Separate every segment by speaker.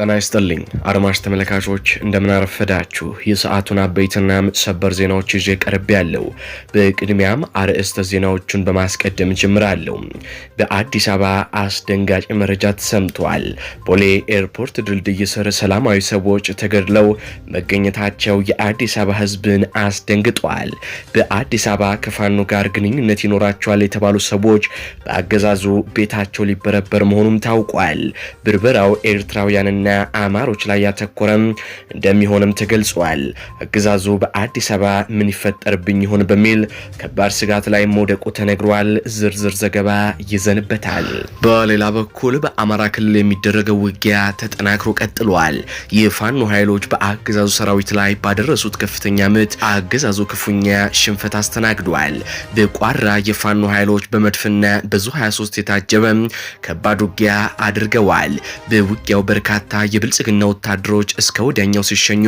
Speaker 1: ጤና ይስጥልኝ አድማጭ ተመልካቾች፣ እንደምናረፈዳችሁ የሰዓቱን አበይትና ሰበር ዜናዎች ይዤ ቀርብ ያለው። በቅድሚያም አርዕስተ ዜናዎቹን በማስቀደም ጀምራለሁ። በአዲስ አበባ አስደንጋጭ መረጃ ተሰምቷል። ቦሌ ኤርፖርት ድልድይ ስር ሰላማዊ ሰዎች ተገድለው መገኘታቸው የአዲስ አበባ ሕዝብን አስደንግጧል። በአዲስ አበባ ከፋኖ ጋር ግንኙነት ይኖራቸዋል የተባሉ ሰዎች በአገዛዙ ቤታቸው ሊበረበር መሆኑም ታውቋል። ብርበራው ኤርትራውያንን እና አማሮች ላይ ያተኮረም እንደሚሆንም ተገልጿል። አገዛዙ በአዲስ አበባ ምን ይፈጠርብኝ ይሆን በሚል ከባድ ስጋት ላይ መውደቁ ተነግሯል። ዝርዝር ዘገባ ይዘንበታል። በሌላ በኩል በአማራ ክልል የሚደረገው ውጊያ ተጠናክሮ ቀጥሏል። የፋኖ ኃይሎች በአገዛዙ ሰራዊት ላይ ባደረሱት ከፍተኛ ምት አገዛዙ ክፉኛ ሽንፈት አስተናግዷል። በቋራ የፋኖ ኃይሎች በመድፍና በዙ 23 የታጀበ ከባድ ውጊያ አድርገዋል። በውጊያው በርካታ የብልጽግና ወታደሮች እስከ ወዲያኛው ሲሸኙ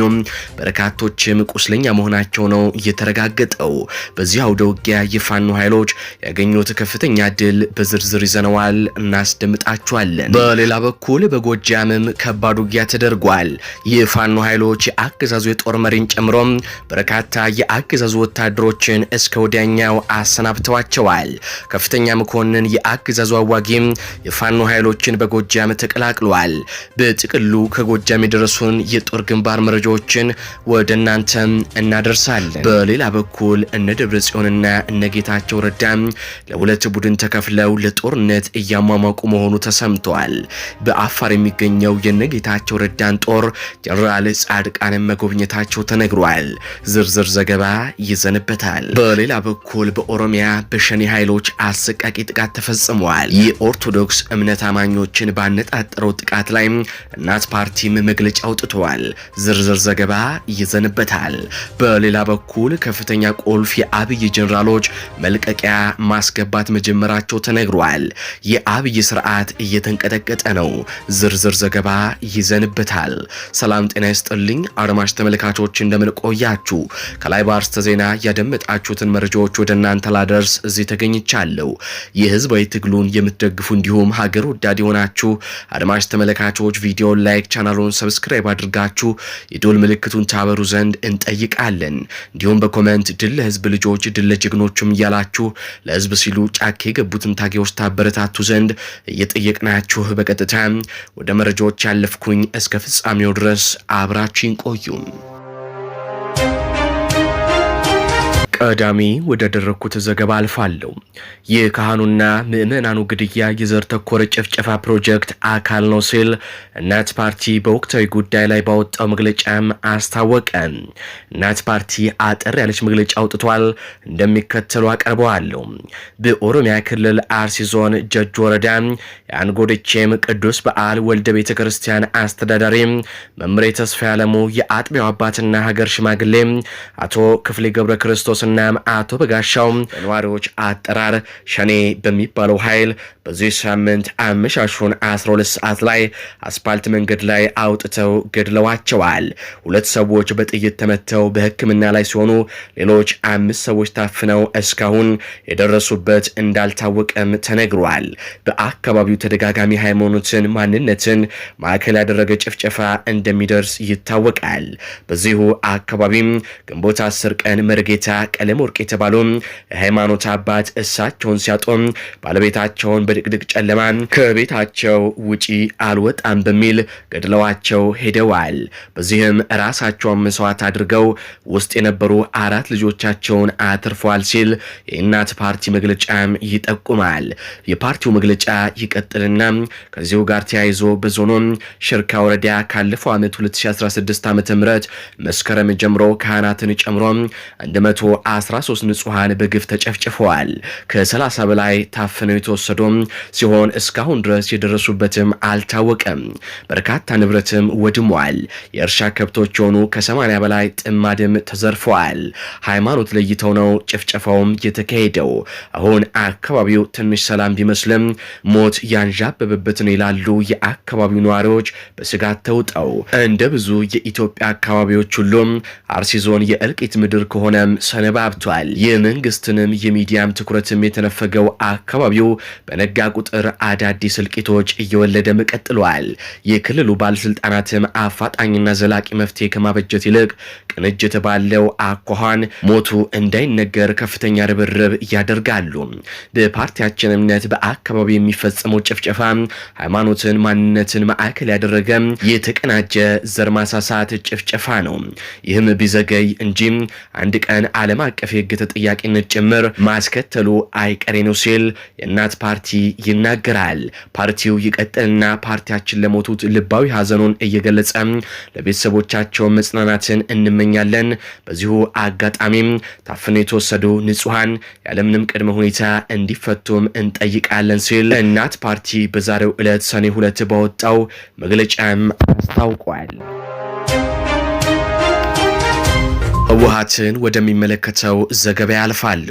Speaker 1: በርካቶችም ቁስለኛ መሆናቸው ነው የተረጋገጠው። በዚህ አውደ ውጊያ የፋኖ ኃይሎች ያገኙት ከፍተኛ ድል በዝርዝር ይዘነዋል፣ እናስደምጣችኋለን። በሌላ በኩል በጎጃምም ከባድ ውጊያ ተደርጓል። የፋኖ ኃይሎች የአገዛዙ የጦር መሪን ጨምሮ በርካታ የአገዛዙ ወታደሮችን እስከ ወዲያኛው አሰናብተዋቸዋል። ከፍተኛ መኮንን የአገዛዙ አዋጊም የፋኖ ኃይሎችን በጎጃም ተቀላቅሏል። በጥቅል በጥቅሉ ከጎጃም የደረሱን የጦር ግንባር መረጃዎችን ወደ እናንተም እናደርሳለን። በሌላ በኩል እነ ደብረ ጽዮንና እነ ጌታቸው ረዳ ለሁለት ቡድን ተከፍለው ለጦርነት እያሟሟቁ መሆኑ ተሰምተዋል። በአፋር የሚገኘው የነ ጌታቸው ረዳን ጦር ጀነራል ጻድቃንን መጎብኘታቸው ተነግሯል። ዝርዝር ዘገባ ይዘንበታል። በሌላ በኩል በኦሮሚያ በሸኔ ኃይሎች አሰቃቂ ጥቃት ተፈጽመዋል። የኦርቶዶክስ እምነት አማኞችን ባነጣጠረው ጥቃት ላይ እናት ፓርቲም መግለጫ አውጥተዋል። ዝርዝር ዘገባ ይዘንበታል። በሌላ በኩል ከፍተኛ ቁልፍ የአብይ ጀኔራሎች መልቀቂያ ማስገባት መጀመራቸው ተነግሯል። የአብይ ስርዓት እየተንቀጠቀጠ ነው። ዝርዝር ዘገባ ይዘንበታል። ሰላም ጤና ይስጥልኝ አድማጭ ተመልካቾች እንደምን ቆያችሁ? ከላይ በአርስተ ዜና ያደመጣችሁትን መረጃዎች ወደ እናንተ ላደርስ እዚህ ተገኝቻለሁ። የህዝባዊ ትግሉን የምትደግፉ እንዲሁም ሀገር ወዳድ የሆናችሁ አድማጭ ተመልካቾች ቪዲዮ ቪዲዮን ላይክ ቻናሉን ሰብስክራይብ አድርጋችሁ የዶል ምልክቱን ታበሩ ዘንድ እንጠይቃለን። እንዲሁም በኮመንት ድል ለህዝብ ልጆች ድል ለጀግኖችም እያላችሁ ለህዝብ ሲሉ ጫካ የገቡትን ታጌዎች ታበረታቱ ዘንድ እየጠየቅናችሁ በቀጥታ ወደ መረጃዎች ያለፍኩኝ እስከ ፍጻሜው ድረስ አብራችን ቆዩም። ቀዳሚ ወዳደረግኩት ዘገባ አልፋለሁ። የካህኑና ምዕመናኑ ግድያ የዘር ተኮር ጭፍጨፋ ፕሮጀክት አካል ነው ሲል እናት ፓርቲ በወቅታዊ ጉዳይ ላይ ባወጣው መግለጫም አስታወቀ። እናት ፓርቲ አጠር ያለች መግለጫ አውጥቷል፣ እንደሚከተሉ አቀርበዋለሁ። በኦሮሚያ ክልል አርሲ ዞን ጀጁ ወረዳ የአንጎደቼም ቅዱስ በዓል ወልደ ቤተ ክርስቲያን አስተዳዳሪ መምሬ ተስፋ ያለሙ የአጥቢያው አባትና ሀገር ሽማግሌ አቶ ክፍሌ ገብረ ክርስቶስ ሽፈራውና አቶ በጋሻው በነዋሪዎች አጠራር ሸኔ በሚባለው ኃይል በዚህ ሳምንት አመሻሹን 12 ሰዓት ላይ አስፓልት መንገድ ላይ አውጥተው ገድለዋቸዋል። ሁለት ሰዎች በጥይት ተመተው በሕክምና ላይ ሲሆኑ ሌሎች አምስት ሰዎች ታፍነው እስካሁን የደረሱበት እንዳልታወቀም ተነግሯል። በአካባቢው ተደጋጋሚ ሃይማኖትን፣ ማንነትን ማዕከል ያደረገ ጭፍጨፋ እንደሚደርስ ይታወቃል። በዚሁ አካባቢም ግንቦት 10 ቀን መርጌታ ቀለም ወርቅ የተባሉ የሃይማኖት አባት እሳቸውን ሲያጡ ባለቤታቸውን በድቅድቅ ጨለማ ከቤታቸው ውጪ አልወጣም በሚል ገድለዋቸው ሄደዋል። በዚህም ራሳቸውን መስዋዕት አድርገው ውስጥ የነበሩ አራት ልጆቻቸውን አትርፏል ሲል የእናት ፓርቲ መግለጫም ይጠቁማል። የፓርቲው መግለጫ ይቀጥልና ከዚሁ ጋር ተያይዞ በዞኑ ሽርካ ወረዳ ካለፈው ዓመት 2016 ዓ ም መስከረም ጀምሮ ካህናትን ጨምሮ 1 13 ንጹሐን በግፍ ተጨፍጭፈዋል። ከ30 በላይ ታፍነው የተወሰዱም ሲሆን እስካሁን ድረስ የደረሱበትም አልታወቀም። በርካታ ንብረትም ወድሟል። የእርሻ ከብቶች የሆኑ ከ80 በላይ ጥማድም ተዘርፈዋል። ሃይማኖት ለይተው ነው ጭፍጨፋውም የተካሄደው። አሁን አካባቢው ትንሽ ሰላም ቢመስልም ሞት ያንዣበበበት ነው ይላሉ የአካባቢው ነዋሪዎች በስጋት ተውጠው። እንደ ብዙ የኢትዮጵያ አካባቢዎች ሁሉም አርሲ ዞን የእልቂት ምድር ከሆነም ሰነ ተነባብቷል። የመንግስትንም የሚዲያም ትኩረትም የተነፈገው አካባቢው በነጋ ቁጥር አዳዲስ እልቂቶች እየወለደም ቀጥሏል። የክልሉ ባለስልጣናትም አፋጣኝና ዘላቂ መፍትሄ ከማበጀት ይልቅ ቅንጅት ባለው አኳኋን ሞቱ እንዳይነገር ከፍተኛ ርብርብ ያደርጋሉ። በፓርቲያችን እምነት በአካባቢ የሚፈጸመው ጭፍጨፋ ሃይማኖትን፣ ማንነትን ማዕከል ያደረገ የተቀናጀ ዘር ማሳሳት ጭፍጨፋ ነው። ይህም ቢዘገይ እንጂ አንድ ቀን አለም ዓለም አቀፍ የህግ ተጠያቂነት ጭምር ማስከተሉ አይቀሬ ነው ሲል የእናት ፓርቲ ይናገራል። ፓርቲው ይቀጥልና ፓርቲያችን ለሞቱት ልባዊ ሀዘኑን እየገለጸ ለቤተሰቦቻቸው መጽናናትን እንመኛለን። በዚሁ አጋጣሚም ታፍነው የተወሰዱ ንጹሐን ያለምንም ቅድመ ሁኔታ እንዲፈቱም እንጠይቃለን ሲል እናት ፓርቲ በዛሬው ዕለት ሰኔ ሁለት ባወጣው መግለጫም አስታውቋል። ህወሀትን ወደሚመለከተው ዘገባ ያልፋሉ።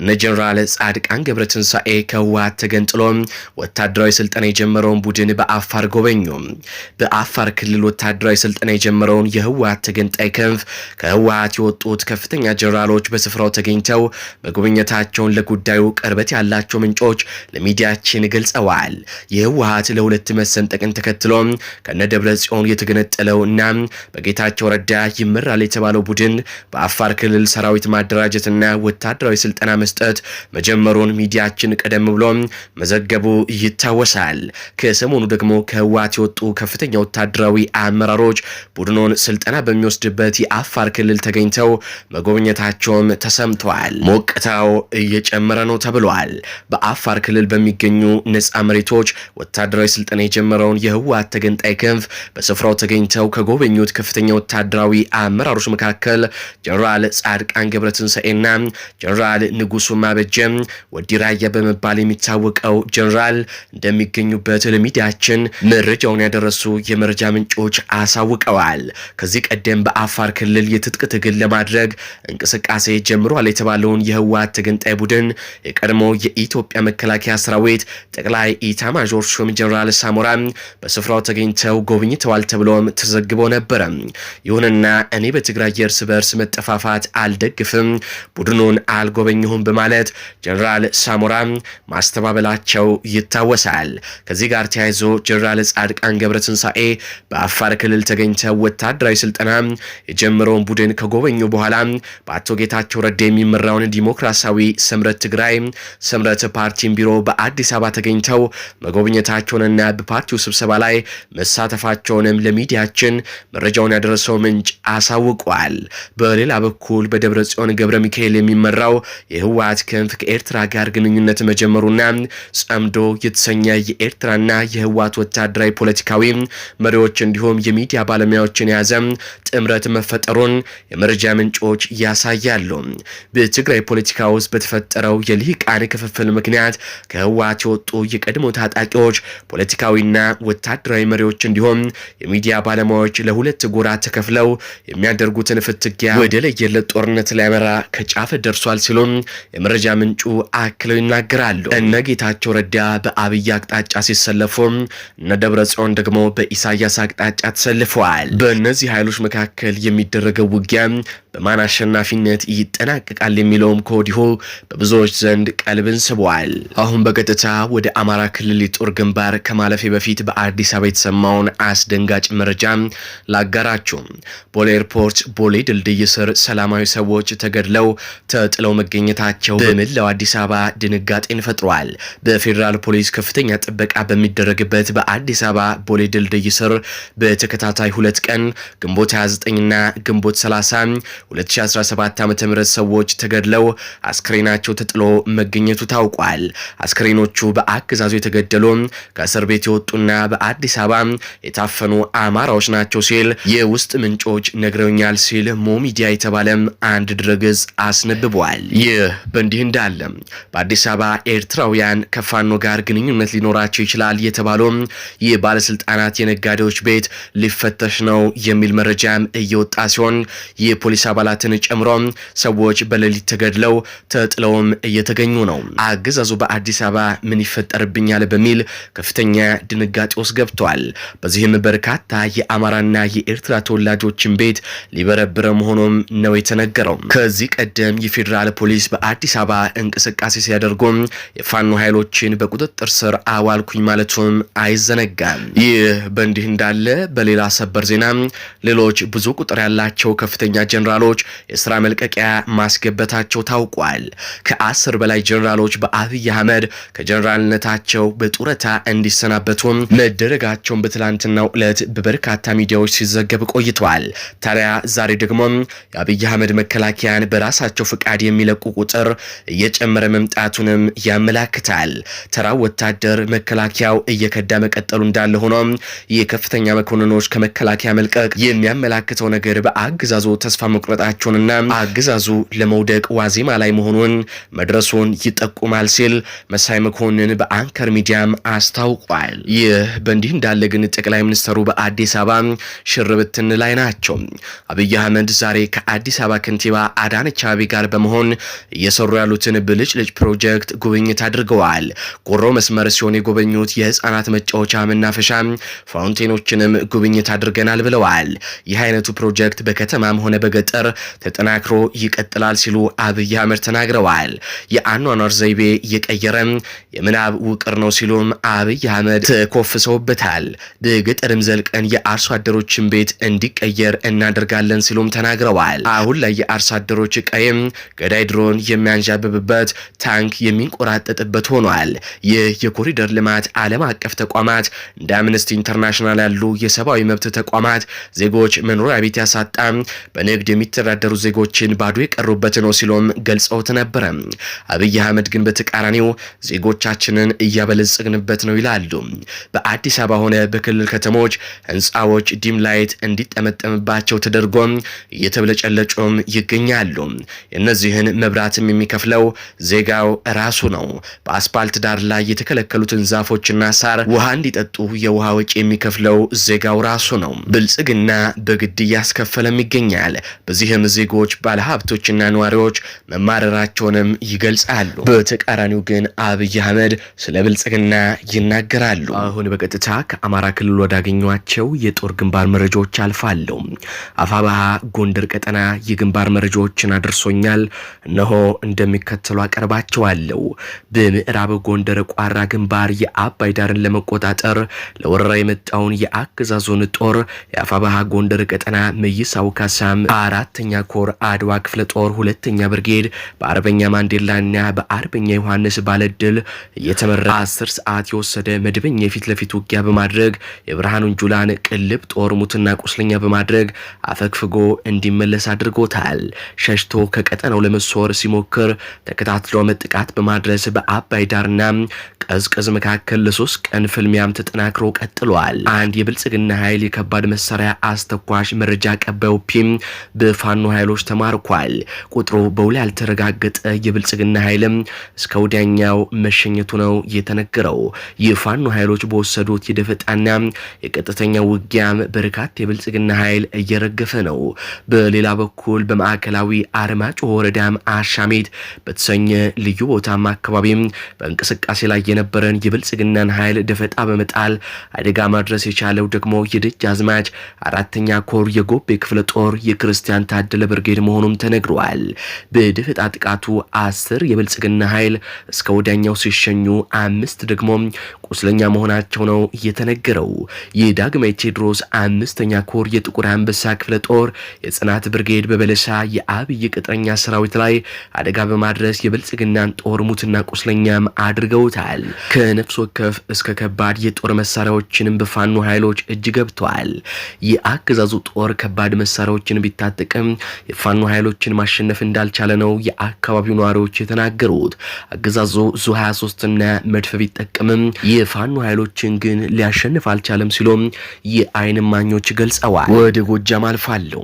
Speaker 1: እነ ጀኔራል ጻድቃን ገብረትንሳኤ ከህወሀት ተገንጥሎ ወታደራዊ ስልጠና የጀመረውን ቡድን በአፋር ጎበኙ። በአፋር ክልል ወታደራዊ ስልጠና የጀመረውን የህወሀት ተገንጣይ ክንፍ ከህወሀት የወጡት ከፍተኛ ጀኔራሎች በስፍራው ተገኝተው መጎብኘታቸውን ለጉዳዩ ቅርበት ያላቸው ምንጮች ለሚዲያችን ገልጸዋል። የህወሀት ለሁለት መሰንጠቅን ተከትሎ ከነ ደብረ ጽዮን የተገነጠለው እና በጌታቸው ረዳ ይመራል የተባለው ቡድን በአፋር ክልል ሰራዊት ማደራጀትና ወታደራዊ ስልጠና መስጠት መጀመሩን ሚዲያችን ቀደም ብሎ መዘገቡ ይታወሳል። ከሰሞኑ ደግሞ ከህወሓት የወጡ ከፍተኛ ወታደራዊ አመራሮች ቡድኑን ስልጠና በሚወስድበት የአፋር ክልል ተገኝተው መጎብኘታቸውም ተሰምተዋል። ሞቅታው እየጨመረ ነው ተብሏል። በአፋር ክልል በሚገኙ ነፃ መሬቶች ወታደራዊ ስልጠና የጀመረውን የህወሓት ተገንጣይ ክንፍ በስፍራው ተገኝተው ከጎበኙት ከፍተኛ ወታደራዊ አመራሮች መካከል ጀኔራል ጻድቃን ገብረትንሳኤና ጀኔራል ንጉሱ ማበጀም ወዲራያ በመባል የሚታወቀው ጀኔራል እንደሚገኙበት ለሚዲያችን መረጃውን ያደረሱ የመረጃ ምንጮች አሳውቀዋል። ከዚህ ቀደም በአፋር ክልል የትጥቅ ትግል ለማድረግ እንቅስቃሴ ጀምሯል የተባለውን የህወሓት ተገንጣይ ቡድን የቀድሞ የኢትዮጵያ መከላከያ ሰራዊት ጠቅላይ ኢታማዦር ሹም ጀኔራል ሳሞራ በስፍራው ተገኝተው ጎብኝተዋል ተብሎም ተዘግቦ ነበረ። ይሁንና እኔ በትግራይ የእርስ በርስ በርስ መጠፋፋት አልደግፍም፣ ቡድኑን አልጎበኘሁም በማለት ጀኔራል ሳሞራ ማስተባበላቸው ይታወሳል። ከዚህ ጋር ተያይዞ ጀኔራል ጻድቃን ገብረትንሳኤ በአፋር ክልል ተገኝተው ወታደራዊ ስልጠና የጀመረውን ቡድን ከጎበኙ በኋላ በአቶ ጌታቸው ረዳ የሚመራውን ዲሞክራሲያዊ ስምረት ትግራይ ስምረት ፓርቲን ቢሮ በአዲስ አበባ ተገኝተው መጎብኘታቸውንና በፓርቲው ስብሰባ ላይ መሳተፋቸውንም ለሚዲያችን መረጃውን ያደረሰው ምንጭ አሳውቋል። በሌላ በኩል በደብረ ጽዮን ገብረ ሚካኤል የሚመራው የህወሀት ክንፍ ከኤርትራ ጋር ግንኙነት መጀመሩና ጸምዶ የተሰኘ የኤርትራና የህወሀት ወታደራዊ ፖለቲካዊ መሪዎች እንዲሁም የሚዲያ ባለሙያዎችን የያዘ ጥምረት መፈጠሩን የመረጃ ምንጮች ያሳያሉ። በትግራይ ፖለቲካ ውስጥ በተፈጠረው የልሂቃን ክፍፍል ምክንያት ከህወሀት የወጡ የቀድሞ ታጣቂዎች ፖለቲካዊና ወታደራዊ መሪዎች እንዲሁም የሚዲያ ባለሙያዎች ለሁለት ጎራ ተከፍለው የሚያደርጉትን ፍትግ ውጊያ ወደ ለየለት ጦርነት ሊያመራ ከጫፍ ደርሷል ሲሉም የመረጃ ምንጩ አክለው ይናገራሉ። እነ ጌታቸው ረዳ በአብይ አቅጣጫ ሲሰለፉ፣ እነ ደብረ ጽዮን ደግሞ በኢሳያስ አቅጣጫ ተሰልፈዋል። በእነዚህ ኃይሎች መካከል የሚደረገው ውጊያ በማን አሸናፊነት ይጠናቀቃል የሚለውም ከወዲሁ በብዙዎች ዘንድ ቀልብን ስቧል። አሁን በቀጥታ ወደ አማራ ክልል የጦር ግንባር ከማለፌ በፊት በአዲስ አበባ የተሰማውን አስደንጋጭ መረጃ ላጋራችሁ። ቦሌ ኤርፖርት ቦሌ ድልድይ ስር ሰላማዊ ሰዎች ተገድለው ተጥለው መገኘታቸው በመላው አዲስ አበባ ድንጋጤን ፈጥሯል። በፌዴራል ፖሊስ ከፍተኛ ጥበቃ በሚደረግበት በአዲስ አበባ ቦሌ ድልድይ ስር በተከታታይ ሁለት ቀን ግንቦት 29ና ግንቦት 30 2017 ዓ.ም ሰዎች ተገድለው አስክሬናቸው ተጥሎ መገኘቱ ታውቋል። አስክሬኖቹ በአገዛዙ የተገደሉ ከእስር ቤት የወጡና በአዲስ አበባ የታፈኑ አማራዎች ናቸው ሲል የውስጥ ምንጮች ነግረውኛል ሲል ሞሚዲያ የተባለም አንድ ድረገጽ አስነብቧል። ይህ በእንዲህ እንዳለ በአዲስ አበባ ኤርትራውያን ከፋኖ ጋር ግንኙነት ሊኖራቸው ይችላል የተባሉ የባለስልጣናት የነጋዴዎች ቤት ሊፈተሽ ነው የሚል መረጃም እየወጣ ሲሆን የፖሊስ አባ አባላትን ጨምሮ ሰዎች በሌሊት ተገድለው ተጥለውም እየተገኙ ነው። አገዛዙ በአዲስ አበባ ምን ይፈጠርብኛል በሚል ከፍተኛ ድንጋጤ ውስጥ ገብቷል። በዚህም በርካታ የአማራና የኤርትራ ተወላጆችን ቤት ሊበረብረ መሆኑም ነው የተነገረው። ከዚህ ቀደም የፌዴራል ፖሊስ በአዲስ አበባ እንቅስቃሴ ሲያደርጉ የፋኖ ኃይሎችን በቁጥጥር ስር አዋልኩኝ ማለቱም አይዘነጋም። ይህ በእንዲህ እንዳለ በሌላ ሰበር ዜና ሌሎች ብዙ ቁጥር ያላቸው ከፍተኛ ጀኔራሎች ጀነራሎች የስራ መልቀቂያ ማስገበታቸው ታውቋል። ከአስር በላይ ጀነራሎች በአብይ አህመድ ከጀነራልነታቸው በጡረታ እንዲሰናበቱም መደረጋቸውን በትላንትናው ዕለት በበርካታ ሚዲያዎች ሲዘገብ ቆይቷል። ታዲያ ዛሬ ደግሞ የአብይ አህመድ መከላከያን በራሳቸው ፈቃድ የሚለቁ ቁጥር እየጨመረ መምጣቱንም ያመላክታል። ተራ ወታደር መከላከያው እየከዳ መቀጠሉ እንዳለ ሆኖ የከፍተኛ መኮንኖች ከመከላከያ መልቀቅ የሚያመላክተው ነገር በአገዛዙ ተስፋ መቁረጥ መቀመጣቸውንና አገዛዙ ለመውደቅ ዋዜማ ላይ መሆኑን መድረሱን ይጠቁማል ሲል መሳይ መኮንን በአንከር ሚዲያም አስታውቋል። ይህ በእንዲህ እንዳለ ግን ጠቅላይ ሚኒስትሩ በአዲስ አበባ ሽርብትን ላይ ናቸው። አብይ አህመድ ዛሬ ከአዲስ አበባ ከንቲባ አዳነች አቤቤ ጋር በመሆን እየሰሩ ያሉትን ብልጭልጭ ፕሮጀክት ጉብኝት አድርገዋል። ጎሮ መስመር ሲሆን የጎበኙት የህፃናት መጫወቻ መናፈሻ ፋውንቴኖችንም ጉብኝት አድርገናል ብለዋል። ይህ አይነቱ ፕሮጀክት በከተማም ሆነ በገጠር ተጠናክሮ ይቀጥላል ሲሉ አብይ አህመድ ተናግረዋል። የአኗኗር ዘይቤ እየቀየረም የምናብ ውቅር ነው ሲሉም አብይ አህመድ ተኮፍሰውበታል። በገጠርም ዘልቀን የአርሶ አደሮችን ቤት እንዲቀየር እናደርጋለን ሲሉም ተናግረዋል። አሁን ላይ የአርሶ አደሮች ቀይም ገዳይ ድሮን የሚያንዣብብበት ታንክ የሚንቆራጠጥበት ሆኗል። ይህ የኮሪደር ልማት ዓለም አቀፍ ተቋማት እንደ አምነስቲ ኢንተርናሽናል ያሉ የሰብአዊ መብት ተቋማት ዜጎች መኖሪያ ቤት ያሳጣም በንግድ የሚ የሚተዳደሩ ዜጎችን ባዶ የቀሩበት ነው ሲሉም ገልጸውት ነበረ። አብይ አህመድ ግን በተቃራኒው ዜጎቻችንን እያበለጸግንበት ነው ይላሉ። በአዲስ አበባ ሆነ በክልል ከተሞች ህንፃዎች ዲም ላይት እንዲጠመጠምባቸው ተደርጎም እየተብለጨለጩም ይገኛሉ። እነዚህን መብራትም የሚከፍለው ዜጋው ራሱ ነው። በአስፓልት ዳር ላይ የተከለከሉትን ዛፎችና ሳር ውሃ እንዲጠጡ የውሃ ወጪ የሚከፍለው ዜጋው ራሱ ነው። ብልጽግና በግድ እያስከፈለም ይገኛል። በዚህም ዜጎች፣ ባለሀብቶችና ነዋሪዎች መማረራቸውንም ይገልጻሉ። በተቃራኒው ግን አብይ አህመድ ስለ ብልጽግና ይናገራሉ። አሁን በቀጥታ ከአማራ ክልል ወዳገኟቸው የጦር ግንባር መረጃዎች አልፋለሁ። አፋባሃ ጎንደር ቀጠና የግንባር መረጃዎችን አድርሶኛል። እነሆ እንደሚከተሉ አቀርባቸዋለሁ። በምዕራብ ጎንደር ቋራ ግንባር የአባይ ዳርን ለመቆጣጠር ለወረራ የመጣውን የአገዛዙን ጦር የአፋባሃ ጎንደር ቀጠና መይሳው ካሳም አራት አራተኛ ኮር አድዋ ክፍለ ጦር ሁለተኛ ብርጌድ በአርበኛ ማንዴላና በአርበኛ ዮሐንስ ባለድል እየተመራ አስር ሰዓት የወሰደ መደበኛ የፊት ለፊት ውጊያ በማድረግ የብርሃኑን ጁላን ቅልብ ጦር ሙትና ቁስለኛ በማድረግ አፈግፍጎ እንዲመለስ አድርጎታል። ሸሽቶ ከቀጠናው ለመሰወር ሲሞክር ተከታትሎ መጥቃት በማድረስ በአባይ ዳርና ቀዝቀዝ መካከል ለሶስት ቀን ፍልሚያም ተጠናክሮ ቀጥሏል። አንድ የብልጽግና ኃይል የከባድ መሳሪያ አስተኳሽ መረጃ ቀባዩ ፒም በፋኖ ኃይሎች ተማርኳል። ቁጥሩ በውል ያልተረጋገጠ የብልጽግና ኃይልም እስከ ወዲያኛው መሸኘቱ ነው የተነገረው። የፋኖ ኃይሎች በወሰዱት የደፈጣና የቀጥተኛ ውጊያም በርካታ የብልጽግና ኃይል እየረገፈ ነው። በሌላ በኩል በማዕከላዊ አርማጭሆ ወረዳም አሻሜት በተሰኘ ልዩ ቦታም አካባቢም በእንቅስቃሴ ላይ የነበረን የብልጽግናን ኃይል ደፈጣ በመጣል አደጋ ማድረስ የቻለው ደግሞ የደጅ አዝማች አራተኛ ኮር የጎቤ ክፍለ ጦር የክርስቲያን የታደለ ብርጌድ መሆኑም ተነግሯል። በድፍጣ ጥቃቱ አስር የብልጽግና ኃይል እስከ ወዲያኛው ሲሸኙ፣ አምስት ደግሞ ቁስለኛ መሆናቸው ነው የተነገረው። የዳግማዊ ቴዎድሮስ አምስተኛ ኮር የጥቁር አንበሳ ክፍለ ጦር የጽናት ብርጌድ በበለሳ የአብይ ቅጥረኛ ሰራዊት ላይ አደጋ በማድረስ የብልጽግናን ጦር ሙትና ቁስለኛም አድርገውታል። ከነፍስ ወከፍ እስከ ከባድ የጦር መሳሪያዎችንም በፋኖ ኃይሎች እጅ ገብተዋል። የአገዛዙ ጦር ከባድ መሳሪያዎችን ቢታጠቅም የፋኖ ኃይሎችን ማሸነፍ እንዳልቻለ ነው የአካባቢው ነዋሪዎች የተናገሩት። አገዛዙ ዙ 23ና መድፍ ቢጠቀምም የፋኖ ኃይሎችን ግን ሊያሸንፍ አልቻለም ሲሎም የአይን ማኞች ገልጸዋል። ወደ ጎጃም አልፋለሁ።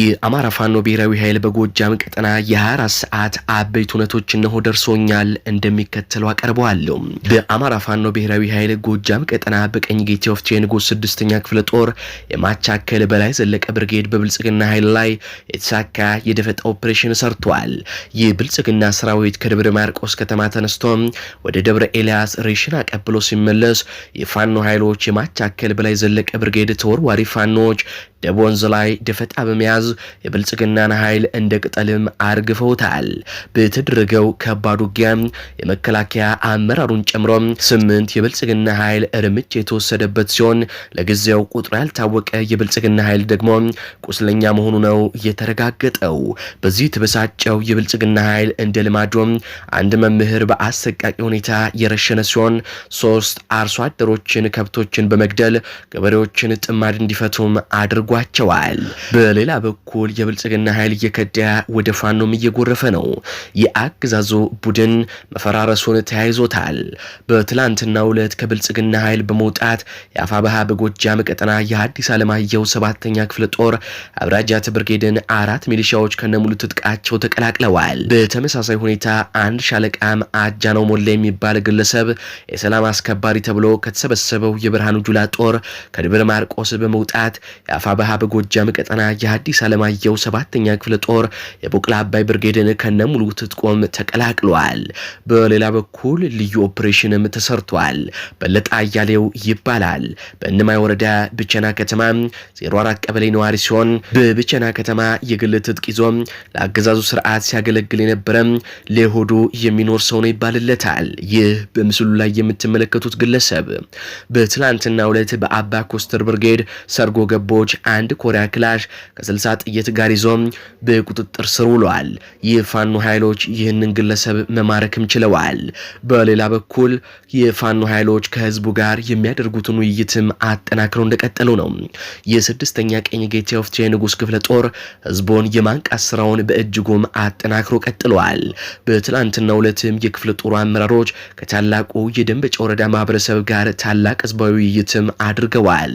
Speaker 1: የአማራ ፋኖ ብሔራዊ ኃይል በጎጃም ቀጠና የ24 ሰዓት አበይት እውነቶች እነሆ ደርሶኛል እንደሚከተለው አቀርበዋለሁ። በአማራ ፋኖ ብሔራዊ ኃይል ጎጃም ቀጠና በቀኝ ጌቴ ኦፍቴ ንጉስ ስድስተኛ ክፍለ ጦር የማቻከል በላይ ዘለቀ ብርጌድ በብልጽግና ኃይል ላይ የተሳካ የደፈጣ ኦፕሬሽን ሰርቷል። ይህ ብልጽግና ሰራዊት ከደብረ ማርቆስ ከተማ ተነስቶ ወደ ደብረ ኤልያስ ሬሽን አቀብሎ ሲመለስ የፋኖ ኃይሎች የማቻከል በላይ ዘለቀ ብርጌድ ተወርዋሪ ፋኖች ደቡብ ወንዝ ላይ ደፈጣ በመያዝ የብልጽግናን ኃይል እንደ ቅጠልም አርግፈውታል። በተደረገው ከባድ ውጊያ የመከላከያ አመራሩን ጨምሮ ስምንት የብልጽግና ኃይል እርምጃ የተወሰደበት ሲሆን ለጊዜው ቁጥሩ ያልታወቀ የብልጽግና ኃይል ደግሞ ቁስለኛ መሆኑ ነው የተረጋገጠው። በዚህ የተበሳጨው የብልጽግና ኃይል እንደ ልማዶም አንድ መምህር በአሰቃቂ ሁኔታ የረሸነ ሲሆን ሶስት አርሶ አደሮችን ከብቶችን በመግደል ገበሬዎችን ጥማድ እንዲፈቱም አድርጓቸዋል። በሌላ በኩል የብልጽግና ኃይል እየከዳ ወደ ፋኖም እየጎረፈ ነው። የአገዛዙ ቡድን መፈራረሱን ተያይዞታል። በትላንትናው ዕለት ከብልጽግና ኃይል በመውጣት የአፋ ባሃ በጎጃም ቀጠና የአዲስ አለማየሁ ሰባተኛ ክፍለ ጦር አብራጃት ብርጌድ ብርጌድን አራት ሚሊሻዎች ከነሙሉ ትጥቃቸው ተቀላቅለዋል። በተመሳሳይ ሁኔታ አንድ ሻለቃም አጃነው ሞላ የሚባል ግለሰብ የሰላም አስከባሪ ተብሎ ከተሰበሰበው የብርሃኑ ጁላ ጦር ከድብረ ማርቆስ በመውጣት የአፋባሃ በጎጃም ቀጠና የሀዲስ አለማየሁ ሰባተኛ ክፍለ ጦር የቦቅላ አባይ ብርጌድን ከነሙሉ ትጥቆም ተቀላቅሏል። በሌላ በኩል ልዩ ኦፕሬሽንም ተሰርቷል። በለጠ አያሌው ይባላል። በእነማይ ወረዳ ብቸና ከተማ 04 ቀበሌ ነዋሪ ሲሆን በብቸና ከተማ ከተማ የግል ትጥቅ ይዞ ለአገዛዙ ስርዓት ሲያገለግል የነበረ ለሆዱ የሚኖር ሰው ነው ይባልለታል። ይህ በምስሉ ላይ የምትመለከቱት ግለሰብ በትላንትናው ዕለት በአባ ኮስተር ብርጌድ ሰርጎ ገቦች አንድ ኮሪያ ክላሽ ከስልሳ ጥይት ጋር ይዞ በቁጥጥር ስር ውሏል። የፋኖ ኃይሎች ይህንን ግለሰብ መማረክም ችለዋል። በሌላ በኩል የፋኖ ኃይሎች ከህዝቡ ጋር የሚያደርጉትን ውይይትም አጠናክረው እንደቀጠሉ ነው። የስድስተኛ ቀኝ ጌቴ ኦፍ ንጉስ ክፍለ ጦር ህዝቡን የማንቃት ስራውን በእጅጉም አጠናክሮ ቀጥለዋል። በትላንትና ሁለትም የክፍለ ጦሩ አመራሮች ከታላቁ የደንበጫ ወረዳ ማህበረሰብ ጋር ታላቅ ህዝባዊ ውይይትም አድርገዋል።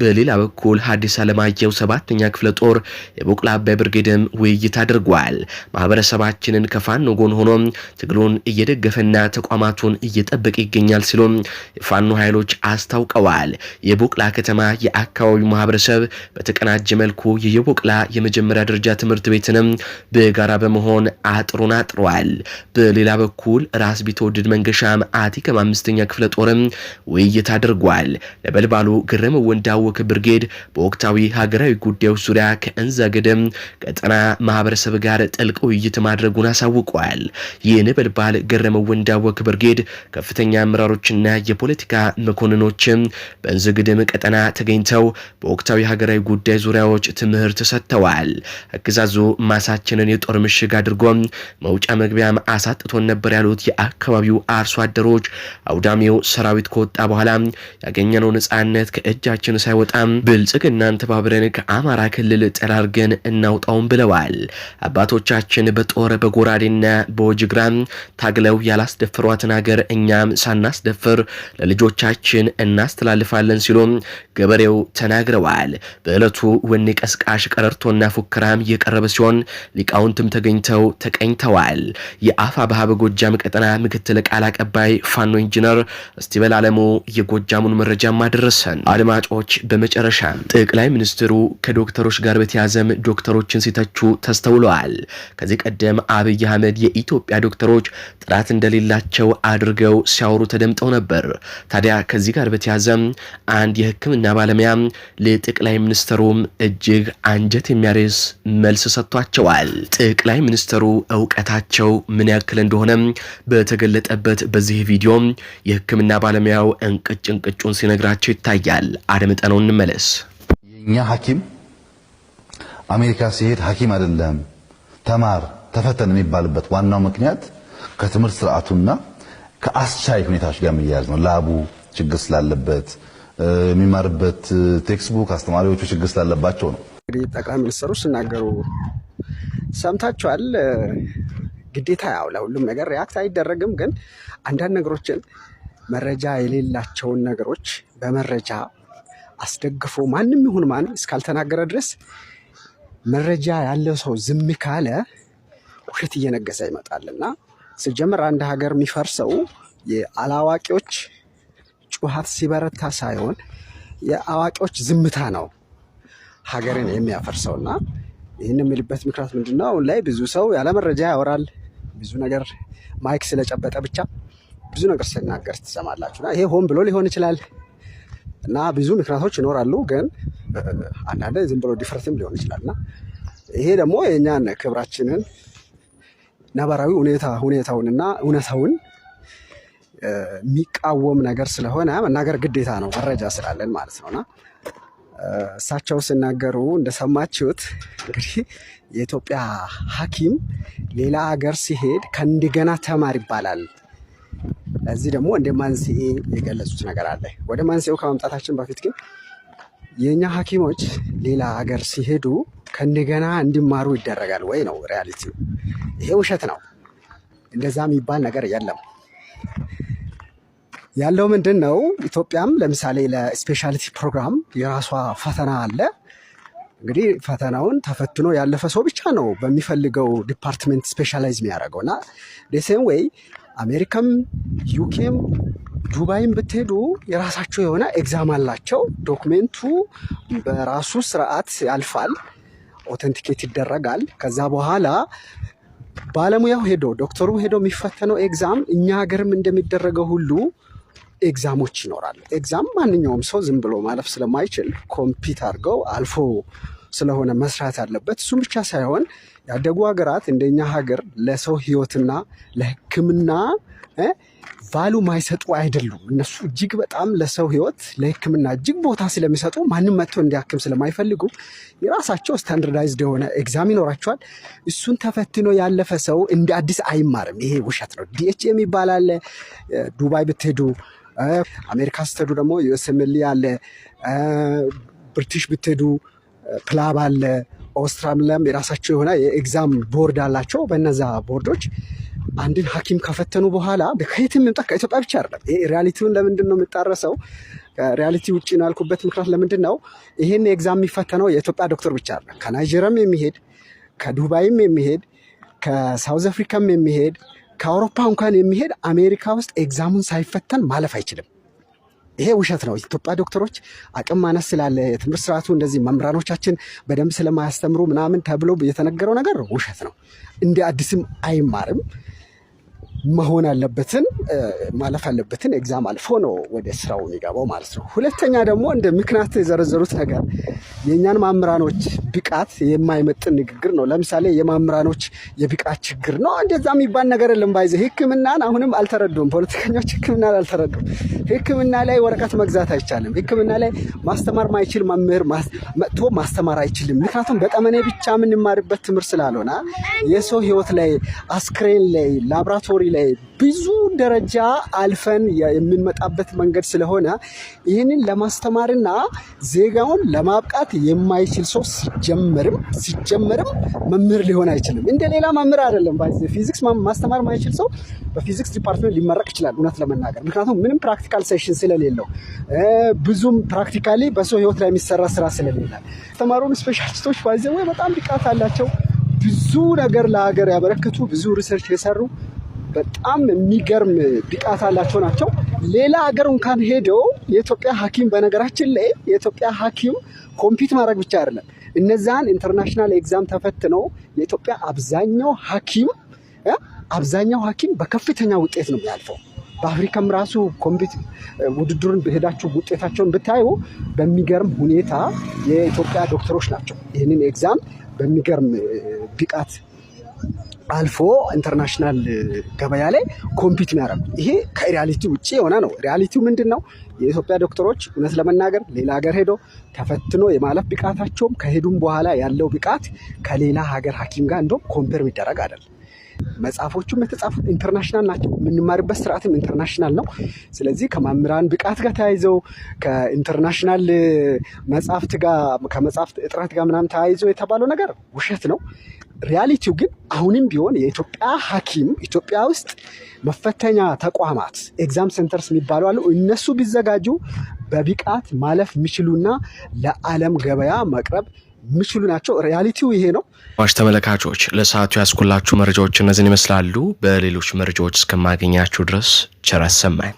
Speaker 1: በሌላ በኩል ሀዲስ አለማየሁ ሰባተኛ ክፍለ ጦር የቦቅላ አባይ ብርጌድም ውይይት አድርጓል። ማህበረሰባችንን ከፋኖ ጎን ሆኖም ትግሉን እየደገፈና ተቋማቱን እየጠበቀ ይገኛል ሲሉም የፋኖ ኃይሎች አስታውቀዋል። የቦቅላ ከተማ የአካባቢው ማህበረሰብ በተቀናጀ መልኩ የየቦቅላ የመጀመሪያ ደረጃ ትምህርት ቤትንም በጋራ በመሆን አጥሩን አጥሯል። በሌላ በኩል ራስ ቢትወደድ መንገሻም አቲከም አምስተኛ ክፍለ ጦርም ውይይት አድርጓል። ነበልባሉ ግርም ወንዳወክ ብርጌድ በወቅታዊ ሀገራዊ ጉዳዮች ዙሪያ ከእንዛ ገደም ቀጠና ማህበረሰብ ጋር ጥልቅ ውይይት ማድረጉን አሳውቋል። ይህ ነበልባል ግርም ወንዳወክ ብርጌድ ከፍተኛ አመራሮችና የፖለቲካ መኮንኖችም በእንዝግድም ቀጠና ተገኝተው በወቅታዊ ሀገራዊ ጉዳይ ዙሪያዎች ትምህርት ሰጥተዋል። ብለዋል። አገዛዙ ማሳችንን የጦር ምሽግ አድርጎ መውጫ መግቢያም አሳጥቶን ነበር ያሉት የአካባቢው አርሶ አደሮች አውዳሚው ሰራዊት ከወጣ በኋላ ያገኘነው ነጻነት ከእጃችን ሳይወጣም ብልጽግናን ተባብረን ከአማራ ክልል ጠራርገን እናውጣውም ብለዋል። አባቶቻችን በጦር በጎራዴና በወጅግራም ታግለው ያላስደፈሯትን ሀገር እኛም ሳናስደፍር ለልጆቻችን እናስተላልፋለን ሲሉ ገበሬው ተናግረዋል። በዕለቱ ወኔ ቀስቃሽ ቀረርቶና የግብርና ፉከራም እየቀረበ ሲሆን ሊቃውንትም ተገኝተው ተቀኝተዋል። የአፋ ባህበ ጎጃም ቀጠና ምክትል ቃል አቀባይ ፋኖ ኢንጂነር እስቲበል አለሙ የጎጃሙን መረጃም አደረሰን። አድማጮች፣ በመጨረሻ ጠቅላይ ሚኒስትሩ ከዶክተሮች ጋር በተያዘም ዶክተሮችን ሲተቹ ተስተውለዋል። ከዚህ ቀደም አብይ አህመድ የኢትዮጵያ ዶክተሮች ጥራት እንደሌላቸው አድርገው ሲያወሩ ተደምጠው ነበር። ታዲያ ከዚህ ጋር በተያዘም አንድ የሕክምና ባለሙያ ለጠቅላይ ሚኒስትሩም እጅግ አንጀት የሚያ ዛሬስ መልስ ሰጥቷቸዋል። ጠቅላይ ሚኒስትሩ እውቀታቸው ምን ያክል እንደሆነም በተገለጠበት በዚህ ቪዲዮ የህክምና ባለሙያው እንቅጭ እንቅጩን ሲነግራቸው ይታያል። አድምጠነው እንመለስ።
Speaker 2: የእኛ ሐኪም አሜሪካ ሲሄድ ሐኪም አይደለም ተማር ተፈተን የሚባልበት ዋናው ምክንያት ከትምህርት ስርዓቱና ከአስቻይ ሁኔታዎች ጋር የሚያያዝ ነው። ላቡ ችግር ስላለበት የሚማርበት ቴክስቡክ አስተማሪዎቹ ችግር ስላለባቸው ነው።
Speaker 3: እንግዲህ ጠቅላይ ሚኒስትሩ ሲናገሩ ሰምታችኋል። ግዴታ ያው ለሁሉም ነገር ሪያክት አይደረግም፣ ግን አንዳንድ ነገሮችን መረጃ የሌላቸውን ነገሮች በመረጃ አስደግፎ ማንም ይሁን ማን እስካልተናገረ ድረስ መረጃ ያለው ሰው ዝም ካለ ውሸት እየነገሰ እና ስጀምር አንድ ሀገር የሚፈርሰው የአላዋቂዎች ጩኸት ሲበረታ ሳይሆን የአዋቂዎች ዝምታ ነው። ሀገርን የሚያፈርሰው እና ይህን የሚልበት ምክንያት ምንድን ነው? አሁን ላይ ብዙ ሰው ያለ መረጃ ያወራል። ብዙ ነገር ማይክ ስለጨበጠ ብቻ ብዙ ነገር ስናገር ትሰማላችሁ። እና ይሄ ሆን ብሎ ሊሆን ይችላል እና ብዙ ምክንያቶች ይኖራሉ። ግን አንዳንድ ዝም ብሎ ድፍረትም ሊሆን ይችላል እና ይሄ ደግሞ የእኛን ክብራችንን ነባራዊ ሁኔታ እና እውነታውን የሚቃወም ነገር ስለሆነ መናገር ግዴታ ነው፣ መረጃ ስላለን ማለት ነውና እሳቸው ሲናገሩ እንደሰማችሁት እንግዲህ የኢትዮጵያ ሐኪም ሌላ ሀገር ሲሄድ ከእንደገና ተማር ይባላል። ለዚህ ደግሞ እንደ መንስኤ የገለጹት ነገር አለ። ወደ መንስኤው ከመምጣታችን በፊት ግን የእኛ ሐኪሞች ሌላ ሀገር ሲሄዱ ከእንደገና እንዲማሩ ይደረጋል ወይ ነው ሪያሊቲው። ይሄ ውሸት ነው። እንደዛ የሚባል ነገር የለም። ያለው ምንድን ነው? ኢትዮጵያም ለምሳሌ ለስፔሻሊቲ ፕሮግራም የራሷ ፈተና አለ። እንግዲህ ፈተናውን ተፈትኖ ያለፈ ሰው ብቻ ነው በሚፈልገው ዲፓርትመንት ስፔሻላይዝ የሚያደርገው እና ሴም ወይ አሜሪካም ዩኬም ዱባይም ብትሄዱ የራሳቸው የሆነ ኤግዛም አላቸው። ዶክሜንቱ በራሱ ስርዓት ያልፋል፣ ኦተንቲኬት ይደረጋል። ከዛ በኋላ ባለሙያው ሄዶ ዶክተሩ ሄዶ የሚፈተነው ኤግዛም እኛ ሀገርም እንደሚደረገው ሁሉ ኤግዛሞች ይኖራሉ። ኤግዛም ማንኛውም ሰው ዝም ብሎ ማለፍ ስለማይችል ኮምፒት አድርገው አልፎ ስለሆነ መስራት ያለበት እሱም ብቻ ሳይሆን ያደጉ ሀገራት እንደኛ ሀገር ለሰው ህይወትና ለህክምና ቫሉ ማይሰጡ አይደሉም። እነሱ እጅግ በጣም ለሰው ህይወት ለህክምና እጅግ ቦታ ስለሚሰጡ ማንም መጥቶ እንዲያክም ስለማይፈልጉ የራሳቸው ስታንዳርዳይዝድ የሆነ ኤግዛም ይኖራቸዋል። እሱን ተፈትኖ ያለፈ ሰው እንደ አዲስ አይማርም። ይሄ ውሸት ነው። ዲኤችኤም ይባላል። ዱባይ ብትሄዱ አሜሪካ ስትሄዱ ደግሞ ዩኤስኤምኤል አለ፣ ብሪቲሽ ብትሄዱ ፕላብ አለ፣ ኦስትራሊያም የራሳቸው የሆነ የኤግዛም ቦርድ አላቸው። በነዛ ቦርዶች አንድን ሐኪም ከፈተኑ በኋላ ከየትም ምምጣ ከኢትዮጵያ ብቻ አይደለም። ይሄ ሪያሊቲውን ለምንድን ነው የምጣረሰው? ሪያሊቲ ውጭ ነው ያልኩበት ምክንያት ለምንድን ነው? ይህን ኤግዛም የሚፈተነው የኢትዮጵያ ዶክተር ብቻ አይደለም። ከናይጀሪያም የሚሄድ ከዱባይም የሚሄድ ከሳውዝ አፍሪካም የሚሄድ ከአውሮፓ እንኳን የሚሄድ አሜሪካ ውስጥ ኤግዛሙን ሳይፈተን ማለፍ አይችልም። ይሄ ውሸት ነው። ኢትዮጵያ ዶክተሮች አቅም ማነስ ስላለ የትምህርት ስርዓቱ እንደዚህ መምህራኖቻችን በደንብ ስለማያስተምሩ ምናምን ተብሎ የተነገረው ነገር ውሸት ነው። እንደ አዲስም አይማርም። መሆን አለበትን ማለፍ አለበትን ኤግዛም አልፎ ነው ወደ ስራው የሚገባው ማለት ነው። ሁለተኛ ደግሞ እንደ ምክንያት የዘረዘሩት ነገር የእኛን ማምራኖች ብቃት የማይመጥን ንግግር ነው። ለምሳሌ የማምራኖች የብቃት ችግር ነው እንደዛ የሚባል ነገር የለም። ባይዘ ሕክምናን አሁንም አልተረዱም። ፖለቲከኞች ህክምናን አልተረዱም። ህክምና ላይ ወረቀት መግዛት አይቻልም። ህክምና ላይ ማስተማር ማይችል መምህር መጥቶ ማስተማር አይችልም። ምክንያቱም በጠመኔ ብቻ የምንማርበት ትምህርት ስላልሆነ የሰው ህይወት ላይ አስክሬን ላይ ላብራቶሪ ላይ ብዙ ደረጃ አልፈን የምንመጣበት መንገድ ስለሆነ ይህንን ለማስተማርና ዜጋውን ለማብቃት የማይችል ሰው ሲጀመርም ሲጀመርም መምህር ሊሆን አይችልም። እንደ ሌላ መምህር አይደለም። ፊዚክስ ማስተማር ማይችል ሰው በፊዚክስ ዲፓርትመንት ሊመረቅ ይችላል፣ እውነት ለመናገር ምክንያቱም ምንም ፕራክቲካል ሴሽን ስለሌለው ብዙም ፕራክቲካሊ በሰው ህይወት ላይ የሚሰራ ስራ ስለሌለ አስተማሩን ስፔሻሊስቶች ባይዘ ወይ በጣም ብቃት አላቸው። ብዙ ነገር ለሀገር ያበረከቱ ብዙ ሪሰርች የሰሩ በጣም የሚገርም ብቃት አላቸው ናቸው። ሌላ ሀገር እንኳን ሄደው የኢትዮጵያ ሐኪም በነገራችን ላይ የኢትዮጵያ ሐኪም ኮምፒት ማድረግ ብቻ አይደለም። እነዛን ኢንተርናሽናል ኤግዛም ተፈትነው የኢትዮጵያ አብዛኛው ሐኪም አብዛኛው ሐኪም በከፍተኛ ውጤት ነው የሚያልፈው። በአፍሪካም ራሱ ኮምፒት ውድድሩን በሄዳችሁ ውጤታቸውን ብታዩ በሚገርም ሁኔታ የኢትዮጵያ ዶክተሮች ናቸው ይህንን ኤግዛም በሚገርም ብቃት አልፎ ኢንተርናሽናል ገበያ ላይ ኮምፒት የሚያደርጉ ይሄ ከሪያሊቲ ውጭ የሆነ ነው። ሪያሊቲው ምንድን ነው? የኢትዮጵያ ዶክተሮች እውነት ለመናገር ሌላ ሀገር ሄዶ ተፈትኖ የማለፍ ብቃታቸውም ከሄዱም በኋላ ያለው ብቃት ከሌላ ሀገር ሐኪም ጋር እንደውም ኮምፔር የሚደረግ አይደለም። መጽሐፎቹም የተጻፉት ኢንተርናሽናል ናቸው። የምንማርበት ስርዓትም ኢንተርናሽናል ነው። ስለዚህ ከመምህራን ብቃት ጋር ተያይዘው ከኢንተርናሽናል መጽሐፍት ጋር ከመጽሐፍት እጥረት ጋር ምናምን ተያይዘው የተባለው ነገር ውሸት ነው። ሪያሊቲው ግን አሁንም ቢሆን የኢትዮጵያ ሐኪም ኢትዮጵያ ውስጥ መፈተኛ ተቋማት ኤግዛም ሴንተርስ የሚባሉ አሉ። እነሱ ቢዘጋጁ በብቃት ማለፍ የሚችሉና ለዓለም ገበያ መቅረብ የሚችሉ ናቸው። ሪያሊቲው ይሄ ነው።
Speaker 1: ዋሽ ተመለካቾች፣ ለሰዓቱ ያስኩላችሁ መረጃዎች እነዚህን ይመስላሉ። በሌሎች መረጃዎች እስከማገኛችሁ ድረስ ቸር አሰማኝ።